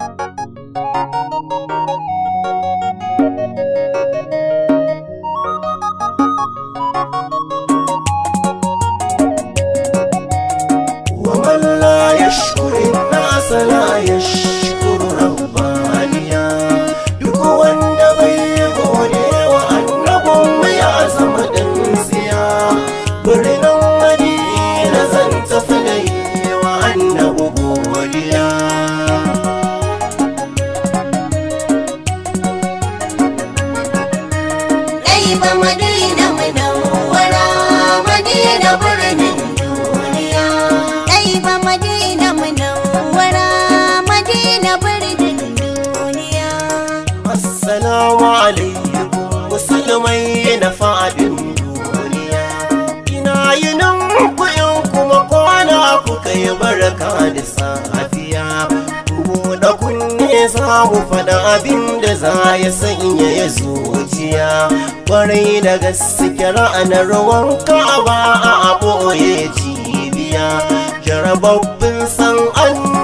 Thank you. ali musulmai na faɗin duniya ina yi nan kuyan kuma kwana kuka yi baraka da safiya da kunne za ku faɗa abin da za ya sanya ya zuciya Ƙwarai da gaske ra'anar wanka ba a aboye cibiya jarababbin san an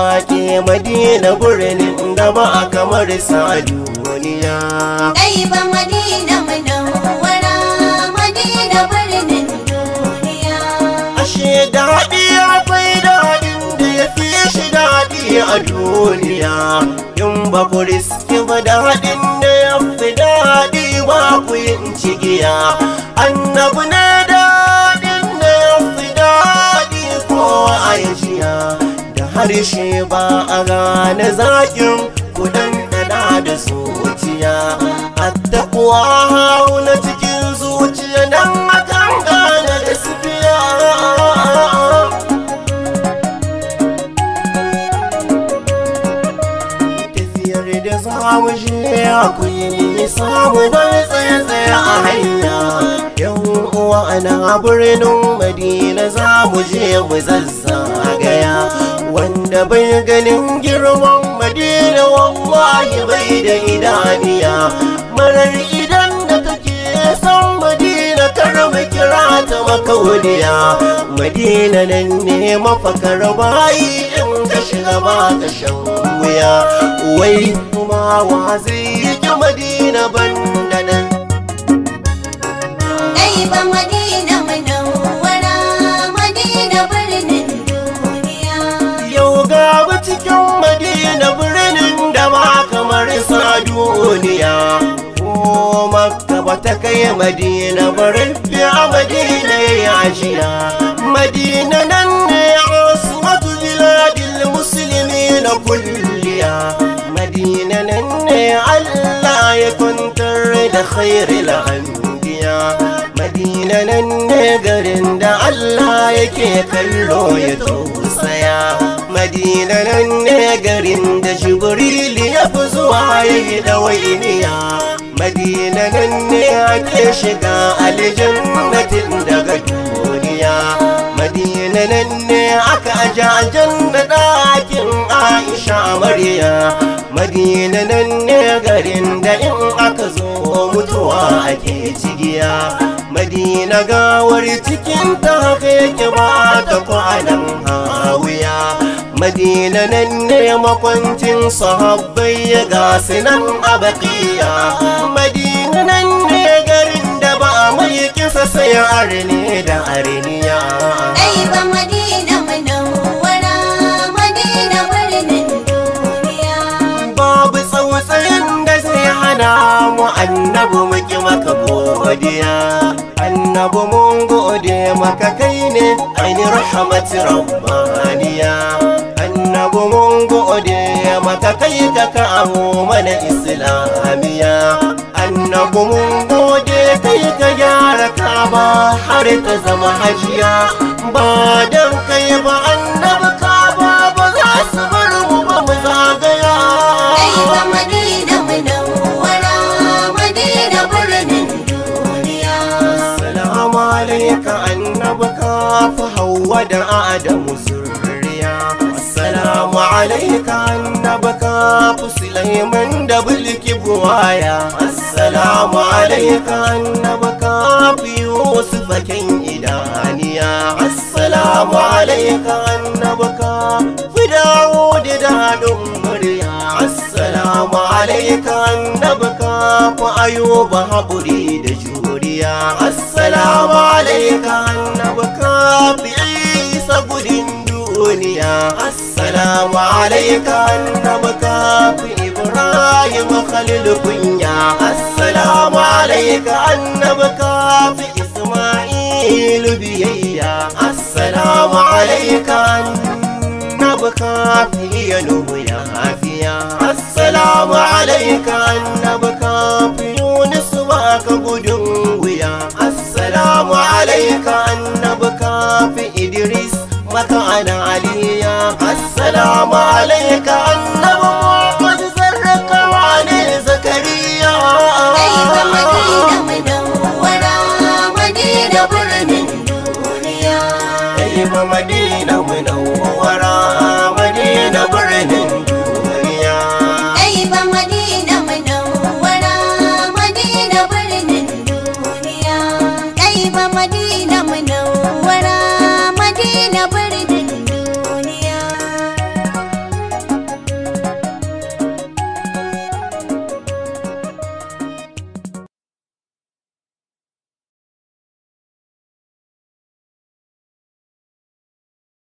Ake madina gurin da ba a kamar sa duniya dai ba madina munawwara madina birnin duniya ashe daɗi akwai daɗin da ya fi shi daɗi a duniya in ba ku riski ba daɗin da ya fi daɗi ba ku yin cigiya annabu shi ba a gane zaƙin kudin ɗana da zuciya a taɓuwa hau na cikin zuciya don akan gane da sufiya tafiyar da zamu shi akwai samu don tsaye-tsaye a hanya yan uwa na birnin madina za mu je mu zazza wanda bai ganin girman madina wallahi bai da idaniya marar idan da kake san madina karma kira ta makauniya madina nan ne mafakar bayi in ka shiga ba ka shan wuya wai kuma wa zai yi madina ban duniya ko makka ba ta kai madina ba a madina ya ajiya madina nan ne asmatu biladil musulmi na kulliya madina nan ne allah ya kwantar da khairi la'andiya madina nan ne garin da Allah yake kallo ya tausaya madina nan ne garin da jibrili ya fi zuwa ya yi ɗawainiya madina nan ne ake shiga matin daga duniya madina nan ne aka ajan da ɗakin aisha mariya madina nan ne garin da in aka zo mutuwa ake cigiya madina gawar cikin ta haka yake ba ta kwana nan ne makwancin sahabbai ya gasu nan a baƙiya madina nan ne garin da ba a mai kisa sai arne da arniya ba babu da zai hana mu annabi maka godiya annabi mun gode maka kai ne ainihin rahmat rabbaniya maka kai ka kawo mana islamiya annabu mun gode kai ka gyara kaba har ka zama hajiya ba dan kai ba annabu kaba ba za su bar mu ba mu zagaya Salamu alaika annabi ka fi hawa da adamu su baka annabaka fusilaiman da bulki buwaya assalamu na baka fi wasu bakin idaniya assalamu alaika baka fi dawo da hadin murya assalamu anna baka fi ayuba haƙuri da juriya assalamu na baka fi الدنيا السلام عليك النبك إبراهيم خليل كنيا السلام عليك النبك إسماعيل بييا السلام عليك النبك في نبيا عافيا السلام عليك النبك في يونس واك السلام عليك النبك